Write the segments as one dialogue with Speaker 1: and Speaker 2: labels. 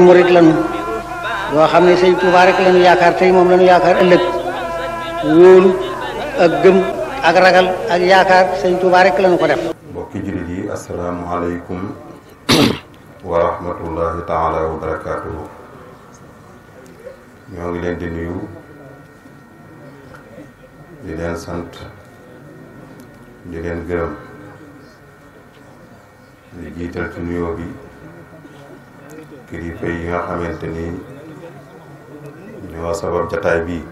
Speaker 1: ay murit lañu yoo xam ne sëñ Tuubaa rek yaakaar tey moom lañu yaakaar ëllëg wóolu ak gëm sëñ Tuubaa rek lañu ko def mbokki jullit yi asalaamaaleykum wa rahmatullahi taala wa barakaatuhu ñoo ngi leen di nuyu di leen sant di leen gërëm di jiital ci bi kilifa yi nga xamante ni ñoo sabab jataay bii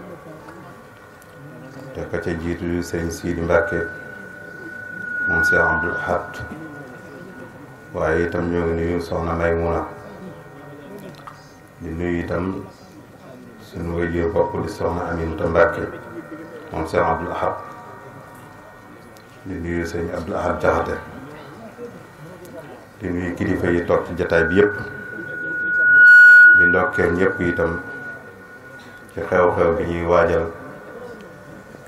Speaker 1: te ka ca jiitu sëñ Sidi Mbacke moom sëñ Abdul Ahad waaye itam ñoo ngi nuyu soxna Maymuna di nuyu itam suñu wajur bopp di soxna Aminata Mbacke moom sëñ Abdul Ahad di nuyu sëñ Abdul Ahad Jaxate di nuyu kilifa yi toog ci jataay bi yëpp. di ndokkeel ñëpp itam ci xew-xew bi ñuy waajal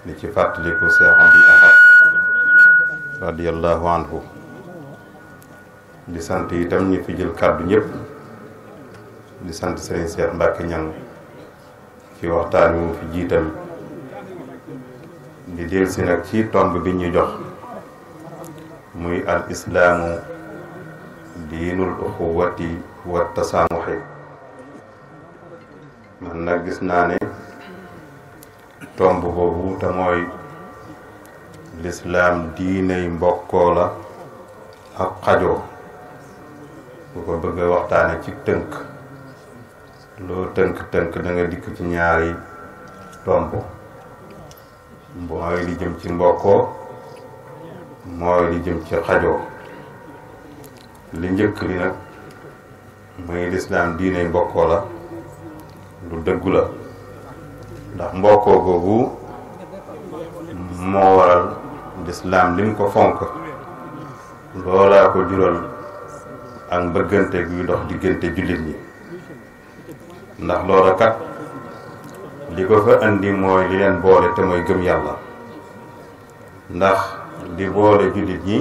Speaker 1: di ci fàttaliku Seex Abdul Ahad radiyallahu anhu di sant itam ñi fi jël kàddu ñëpp di sant Serigne Cheikh Mbacke Niang ci waxtaan wi mu fi jiital di del nag ci tomb bi ñu jox muy al islaamu diinul uxuwati wa tasaamuxi man nag gis naa ne tomb boobu te mooy lislaam diiney mbokkoo la ak xajoo bu ko bëgga waxtaane ci tënk loo tënk-tënk da dikk ci ñaari tomb mooy li jëm ci mbokkoo mooy li jëm ci xajoo li njëkk li nag muy lislaam diiney mbokkoo la lu dëggu la ndax mbokkoo googu moo waral lislaam lim ko fonk loolaa ko jural ak mbëggante guy dox diggante jullit yi ndax loola kat li ko fa andi mooy li leen boole te mooy gëm yàlla ndax li boole jullit yi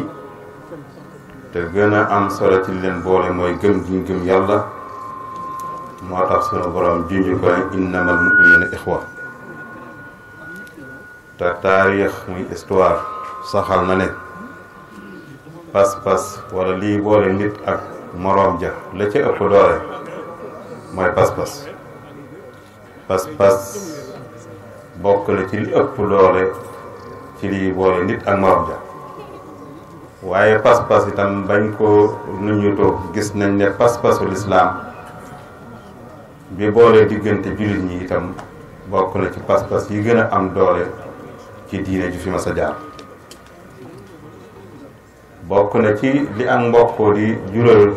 Speaker 1: te gën a am solo ci li leen boole mooy gëm gi ñu gëm yàlla moo tax sunu borom junj ko ne innamal mu'minuna ixwa te taarix muy histoire saxal na ne pas-pas wala lii boole nit ak moroom ja la ca ëpp doole mooy pas-pas pas-pas bokk na ci li ëpp doole ci lii boole nit ak moroom ja waaye pas-pas itam bañ ko nuñutoo gis nañ ne pas-pasu lislaam bi boole diggante jullit ñi itam bokk na ci pas-pas yi gën a am doole ci diine ju fi mas a jaar bokk na ci li ak mbokkoo di jural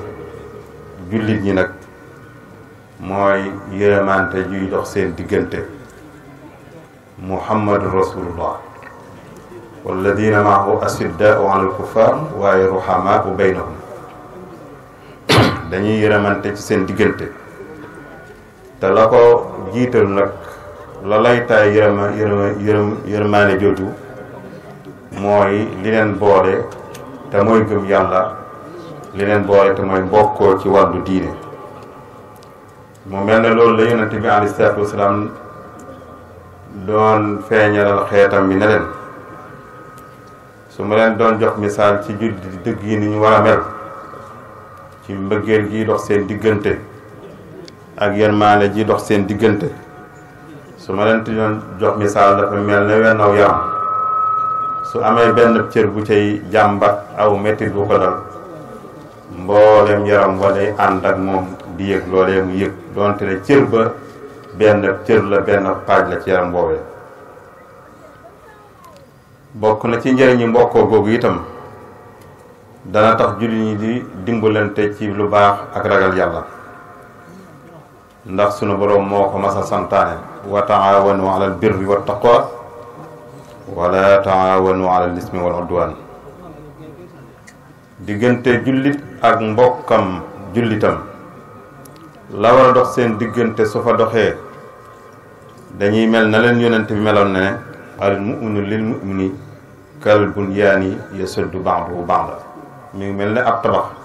Speaker 1: jullit ñi nag mooy yërëmante juy dox seen diggante muhammadu rasulullah walladina maahu asiddaau ala alkuffar waaye ruhamaau baynahum dañuy yërëmante ci seen diggante te la ko jiital nag la lay taay yërëma yërëma yërëm yërëmaane jooju mooy li leen boole te mooy gëm yàlla li leen boole te mooy mbokkoo ci wàllu diine mu mel ne loolu la yonente bi alayhi salaatu wasalaam doon feeñalal xeetam bi ne leen su ma leen doon jox misaal ci jullit dëgg yi ni ñu war a mel ci mbëggeel gi dox seen diggante ak yërmaande ji dox seen diggante su ma leen doon jox misaal dafa mel ne wennaw yaram su amee benn cër bu cay jàmbat aw mettit bu ko dal mboolem yaram wa day ànd ak moom di yëg loolee mu yëg donte ne cër ba benn cër la benn paaj la ci yaram boobee bokk na ci njëriñu mbokkoo googu itam dana tax julli ñi di dimbalante ci lu baax ak ragal yàlla ndax sunu boroom moo ko mas a santaane wa taawanu wax al birri wa taqwa wala taawanu ala al ismi wal udwan diggante jullit ak mbokkam jullitam la war a dox seen diggante su fa doxee dañuy mel na leen yonent bi meloon na ne al muminu lil mumini kal bunyaani yasuddu ba'duhu ba'da mi ngi mel ni ab tabax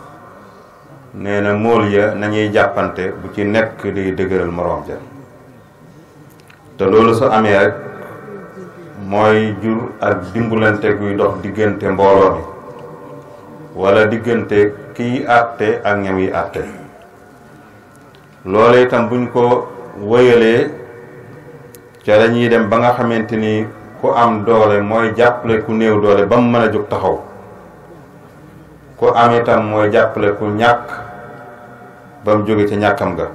Speaker 1: nee na mool ya nañuy jàppante bu ci nekk di dëgëral moroom ja te loolu su amee rek mooy jur ak dimbalante guy dox diggante mbooloo mi wala diggante kiy àtte ak ñam yi àtte loolu itam buñ ko wëyalee ca dañuy dem ba nga xamante ni ku am doole mooy jàppale ku néew doole ba mu mën a jóg taxaw ku am itam mooy jàppale ku ñàkk ba mu jóge ca ñàkkam ga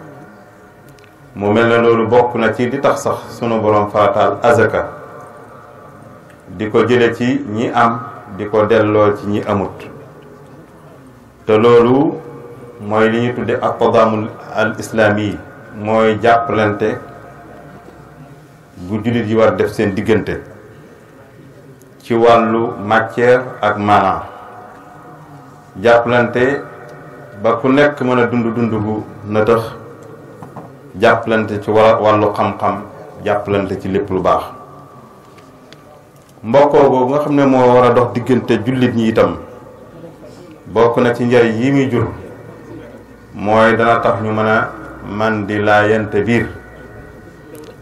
Speaker 1: mu mel na loolu bokk na ci di tax sax sunu borom faataal azaka di ko jële ci ñi am di ko delloo ci ñi amut te loolu mooy li ñu tudde ak tadaamul al islaami mooy jàppalante bu jullit yi war def seen diggante ci wàllu matière ak maanaam jàppalante ba ku nekk mën a dund dund bu na tax jàppalante ci wàllu xam-xam jàppalante ci lépp lu baax mbokkoo boobu nga xam ne moo war a dox diggante jullit ñi itam bokk na ci njariñ yi muy jur mooy dana tax ñu mën a man di laayante biir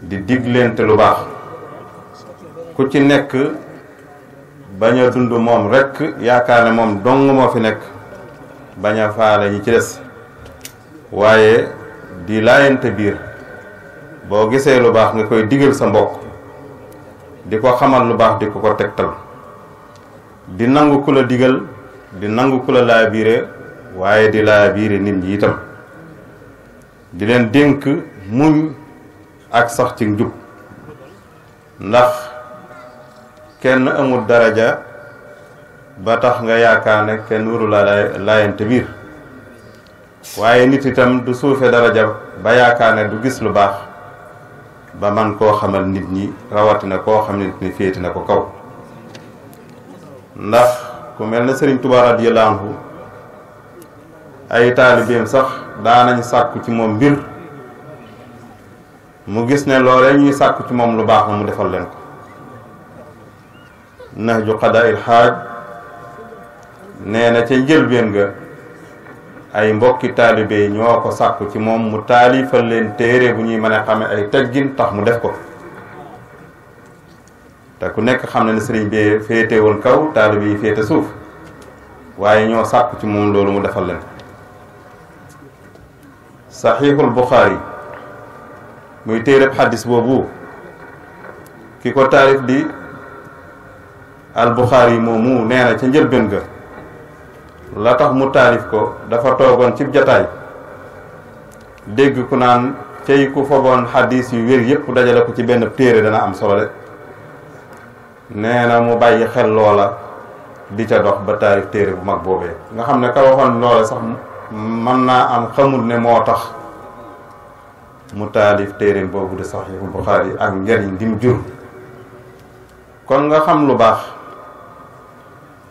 Speaker 1: di digleente lu baax ku ci nekk bañ a dund moom rekk yaakaar ne moom dong moo fi nekk bañ a faale ñi ci des waaye di laayante biir boo gisee lu baax nga koy digal sa mbokk di ko xamal lu baax di ko ko tegtal di nangu ku la digal di nangu ku la laa biire waaye di laa nit ñi itam di leen dénk muñ ak sax ci njub ndax kenn amul daraja ba tax nga yaakaar ne kenn waru la laayante biir waaye nit itam du suufe daraja ba yaakaar ne du gis lu baax ba man koo xamal nit ñi rawatina koo xam nit ni féeti na ko kaw ndax ku mel na sëriñ Tuubaa radiyallaahu anhu ay taalibeem sax daanañ sàkku ci moom mbir mu gis ne loolee ñuy sàkku ci moom lu baax na mu defal leen ko nahju qadaa'il haaj nee na ca njëlbeen ga ay mbokki taalibe ñoo ko sàkku ci moom mu taalifal leen téere bu ñuy mën a xame ay teggin tax mu def ko te ku nekk xam na ne sëriñ bee féete woon kaw taalibe yi féete suuf waaye ñoo sàkku ci moom loolu mu defal leen saxiixul buxaari muy téereb xaddis boobu ki ko taarif di al buxaari moomu nee na ca njëlbeen ga la tax mu taalif ko dafa toogoon cib jataay dégg ku naan cey ku fogoon xadis yu wér yëpp dajale ko ci benn téere dana am solo de nee na mu bàyyi xel loola di ca dox ba taalif téere bu mag boobee nga xam ne ka waxoon loola naa am xamul ne moo tax mu taalif téere boobu de Saxiixul Buxaari ak njariñ di mu jur kon nga xam lu baax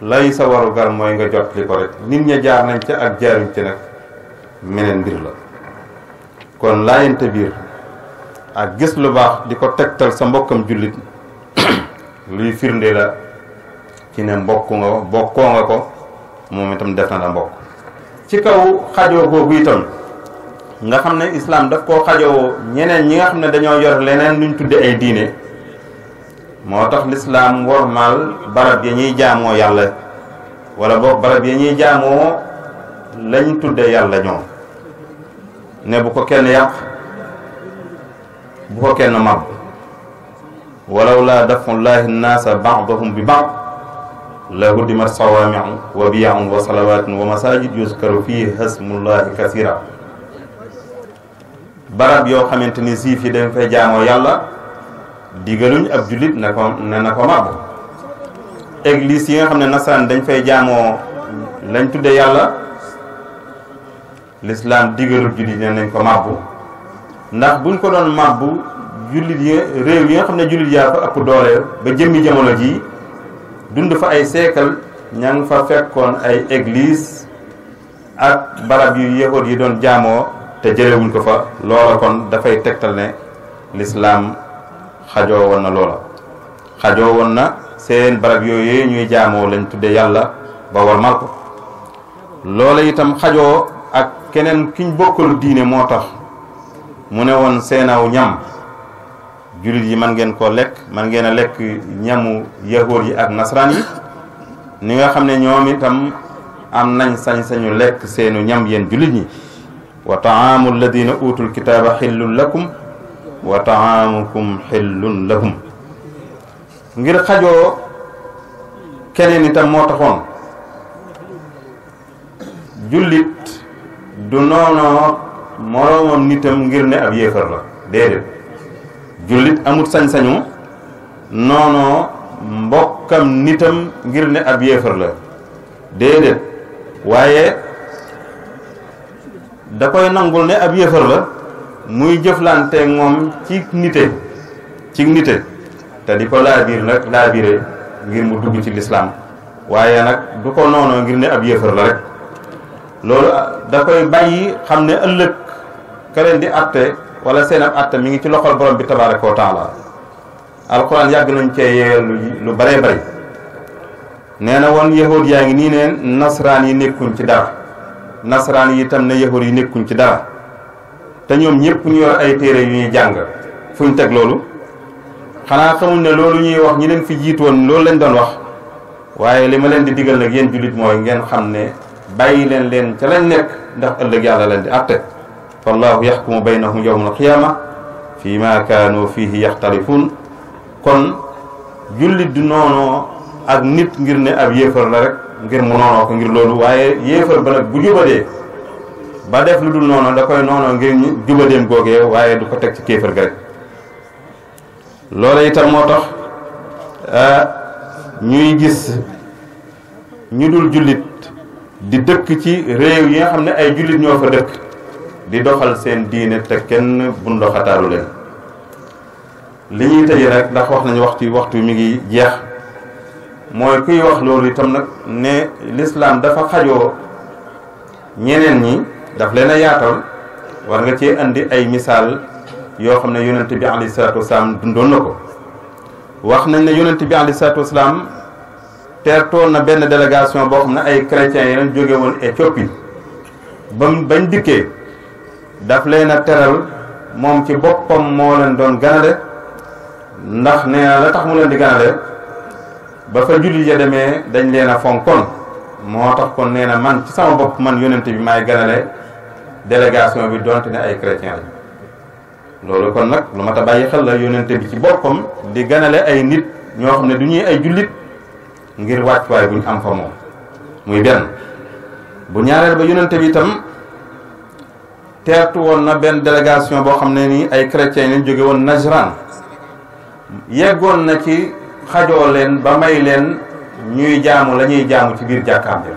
Speaker 1: lay sa waru gar mooy nga jot li ko rek nit ña jaar nañ ca ak jaaruñ ci nag meneen mbir la kon laayante biir ak gis lu baax di ko tegtal sa mbokkam jullit luy firnde la ci ne mbokk nga bokkoo nga ko moom itam def na la mbokk ci kaw xajoo googu itam nga xam ne islaam daf koo xajoo ñeneen ñi nga xam ne dañoo yor leneen luñ tudde ay diine moo tax lislaam wormaal barab ya ñuy jaamoo yàlla wala boog barab ya ñuy jaamoo lañ tudde yàlla ñoom ne bu ko kenn yàq bu ko kenn mab walaw laa dafullahi nnaasa baadahum bi baad la huddimat sawaamiu wa biyaun wa salawatun wa masajid yuskaru fii hasmullahi kasira barab yoo xamante ni siif yi dañ fay jaamoo yàlla digaluñ ab jullit na ko ne na ko màbb église yi nga xam ne nasaraan dañ fay jaamoo lañ tudde yàlla lislaam digalul jullit ne nañ ko màbbu ndax buñ ko doon màbbu jullit yi réew yi nga xam ne jullit yaa fa ëpp doole ba jëmmi jamono jii dund fa ay seekal ña ngi fa fekkoon ay église ak barab yu yahood yi doon jaamoo te jëlewuñ ko fa loola kon dafay tegtal ne lislaam xajoo woon na loola xajoo woon na seen barab yooyu ñuy jaamoo lañ tudde yàlla ba warmal ko loola itam xajoo ak keneen kiñ bokkal diine moo tax mu ne woon seenaw ñam jullit yi man ngeen koo lekk man ngeen a lekk ñamu yahood yi ak nasraan yi ni nga xam ne ñoom itam am nañ sañ-sañu lekk seenu ñam yéen jullit ñi wa taamu alladina utul kitaaba xillun lakum wa taamukum xillun lahum ngir xajoo keneen itam moo taxoon jullit du noonoo moroomam nitam ngir ne ab yéefar la déedéet jullit amut sañ-sañu noonoo mbokkam nitam ngir ne ab yéefar la déedéet waaye da koy nangul ne ab yéefar la muy jëflante moom ci nite ci nite te di ko laabiir nag laabire ngir mu dugg ci lislaam waaye nag du ko noonoo ngir ne ab yëfër la rek loolu ah, da koy bàyyi xam ne ëllëg ka leen di atte wala seen ab atte mi ngi ci loxol borom bi tabaaraka wa taala alquran yàgg nañ cee yeewee lu bare nee na woon yahood yaa ngi nii ne nasraan yi nekkuñ ci dara nasraan yi itam ne yahood yi nekkuñ ci dara te ñoom ñëpp ñu yor ay téere yu ñuy jàng fu ñu teg loolu xanaa xamul ne loolu ñuy wax ñi leen fi jiitu loolu lañ doon wax waaye li ma leen di digal nag yéen jullit mooy ngeen xam ne bàyyi leen leen ca lañ nekk ndax ëllëg yàlla leen di atte wallahu yaxkumu baynahum yawmal qiyaama fi ma kaanu fihi yaxtalifuun kon jullit di noonoo ak nit ngir ne ab yéefar la rek ngir mu noonoo ko ngir loolu waaye yéefar ba nag bu jubadee ba def lu dul noonu da koy noonu ngir ñu jubadeem googee waaye du ko teg ci kéefër ga rek loola itam moo tax ah, ñuy gis ñu dul jullit di dëkk ci réew yi nga xam ne ay jullit ñoo fa dëkk di doxal seen diine te kenn bu ndoxataalu li ñuy tëje nag ndax wax nañu waxtu waxtu mi ngi jeex mooy kuy wax loolu itam nag ne lislaam dafa xajoo ñeneen ñi daf leen a yaatal war nga cee indi ay misaal yoo xam ne yonent bi alayhi salaatu wasalaam dundoon na ko wax nañ ne yonent bi alayhi salaatu wasalaam teertoon na benn délégation boo xam ne ay chrétiens yi lañ jóge woon Éthiopie ba bañ dikkee daf leen a teral moom ci boppam moo leen doon ganale ndax nee la tax mu leen di ganale ba fa jullit ya demee dañ leen a fonkon moo tax kon nee man ci sama bopp man yonent bi maay ganale délégation bi donte ne ay chrétien lañ loolu kon nag lu mat a bàyyi xel la yónnente bi ci boppam di ganale ay nit ñoo xam ne du ñuy ay jullit ngir wàccuwaay bu ñu am fa moom muy benn bu ñaareel ba yónnente bi itam teertu woon na benn délégation boo xam ne nii ay chrétien lañ jóge woon Najran yeggoon na ci xajoo leen ba may leen ñuy jaamu la ñuy jaamu ci biir jàkkaam bi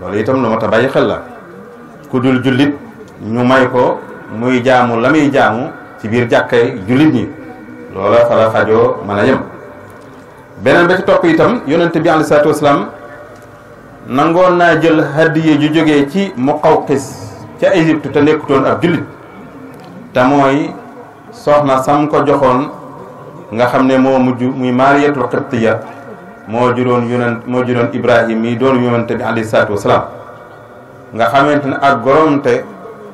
Speaker 1: loolu itam lu mat a bàyyi xel la ku dul jullit ñu may ko muy jaamu la muy jaamu ci biir jàkkay jullit ñi loola fa la fajoo mën a yem beneen ba ci topp itam yonente bi aleyhi nangoon naa jël hadiye ju jógee ci Muqawqis ca Égypte te nekkutoon ab jullit te mooy soxna sam ko joxoon nga xam ne moo mu muy Maariyatul Qibtiya moo juróon yonent moo juróon Ibrahim yi doon yonente bi aleyhi nga xamante ne ak goromte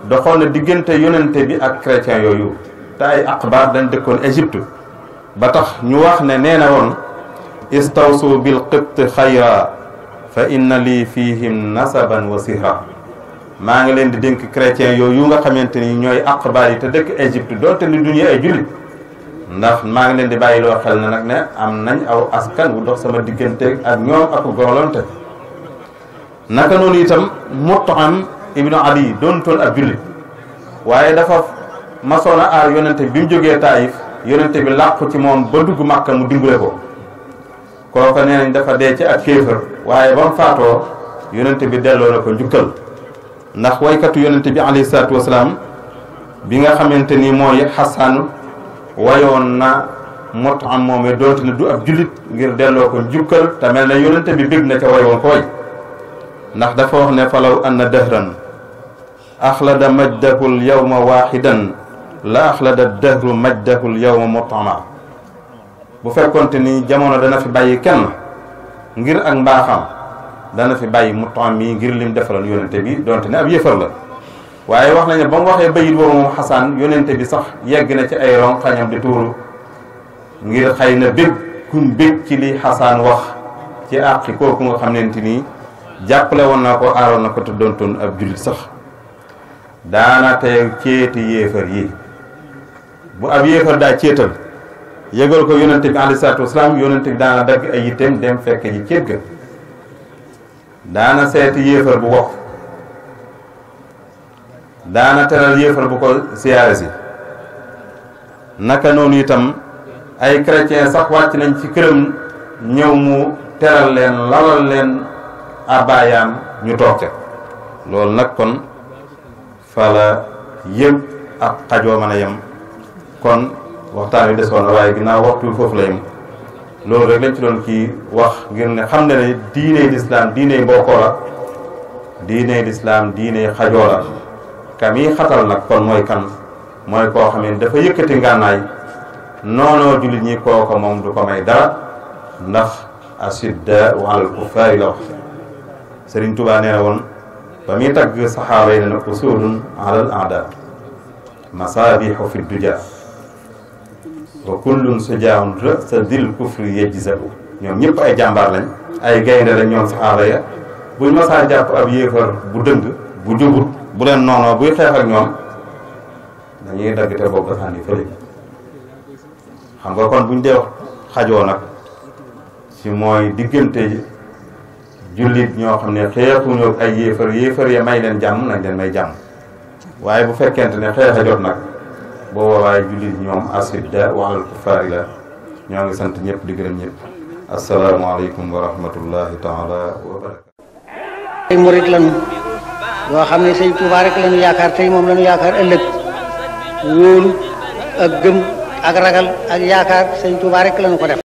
Speaker 1: doxoon na diggante yonente bi ak chrétien yooyu te ay aqbaar dañ dëkkoon Égypte ba tax ñu wax ne nee na woon istawsu bil qibt xayra fa inna lii fihim nasaban wa sihra maa ngi leen di dénk chrétien yooyu nga xamante ni ñooy aqbaar yi te dëkk Égypte doonte ni duñu ay jullit ndax maa ngi leen di bàyyi loo xel na nag ne am nañ aw askan wu dox sama diggante ak ñoo ak gorolonte naka noonu itam Mut'im ibnu Adi doonutoon ab jullit waaye dafa masoon a aar yonente bi mu jógee Taayif yonente bi làqu ci moom ba dugg Màkka mu dimbale ko kooka nee nañ dafa dee ci ak kéefër waaye ba mu faatoo yonente bi delloo na ko njukkal ndax waykatu yonente bi alayhi salaatu wasalaam bi nga xamante ni mooy Xasan wayoon na Mut'im moomee doonte ne du ab jullit ngir delloo ko njukkal te mel na yonente bi bég na ca wayoon ko way ndax dafa wax ne falaw anna dëhran axlada majdahul yawma waaxidan la axlada dëhru majdahul yawma mutama bu fekkonte ni jamono dana fi bàyyi kenn ngir ak mbaaxam dana fi bàyyi mutam yi ngir lim defaloon yónnente bi donte ne ab yëfar la waaye wax nañu ba waxee bayit boobu moom xasaan yónnente bi sax yegg na ci ay ron di tuuru ngir xëy na bég kum bég ci li xasaan wax ci àqi kooku nga xam nenti nii jàppale woon na ko aaroon na ko te doontoon ab jullit sax daana tey céeti yéefar yi bu ab yéefar daa céetal yëgal ko yonente bi alayhi salaatu wasalaam yonente daana dagg ay yitteem dem fekk ji céet ga daana seeti yéefar bu wax daana teral yéefar bu ko siyaare si naka noonu itam ay chrétien sax wàcc nañ ci këram ñëw mu teral leen lalal leen abaayaam ñu toog ca loolu nag kon fa la yëm ak xajoo mën a yem kon waxtaan wi desoon foofu la yem loolu wax ngir ne xam ne ne diiney lislaam diiney mbokkoo la diiney lislaam diiney xajoo la kam xatal nag kon mooy kan mooy koo xam dafa yëkkati ngànnaay noonoo jullit ñi kooko moom du ko may dara ndax asidda wa alal kufaari la wax Sëriñ Tuubaa nee na woon ba muy tagg saxaaba yi ne na usulun alal aada masaabiixu fi duja wa kullun sujaawun rësa dil kufri yejzau ñoom ñëpp ay jàmbaar lañ ay gaynde lañ ñoom saxaaba ya buñ masaa jàpp ab yéefar bu dëng bu jubut bu leen noonoo buy xeex ak ñoom dañuy dagg te boobu dafa andi fële xam nga kon buñ dee wax xajoo nag ci mooy diggante jullit ñoo xam ne xeexuñoo ay yéefar yéefar ya may leen jàmm nañ leen may jàmm waaye bu fekkente ne xeex a jot nag boo waaye jullit ñoom asidda wa alal kufaari la ñoo ngi sant ñëpp di gërëm ñëpp asalaamaaleykum wa rahmatullahi taala wa xam ne sëñ Tuubaa rek lañu moom lañu yaakaar ëllëg wóolu ak gëm ak ragal ak yaakaar sëñ Tuubaa rek ko def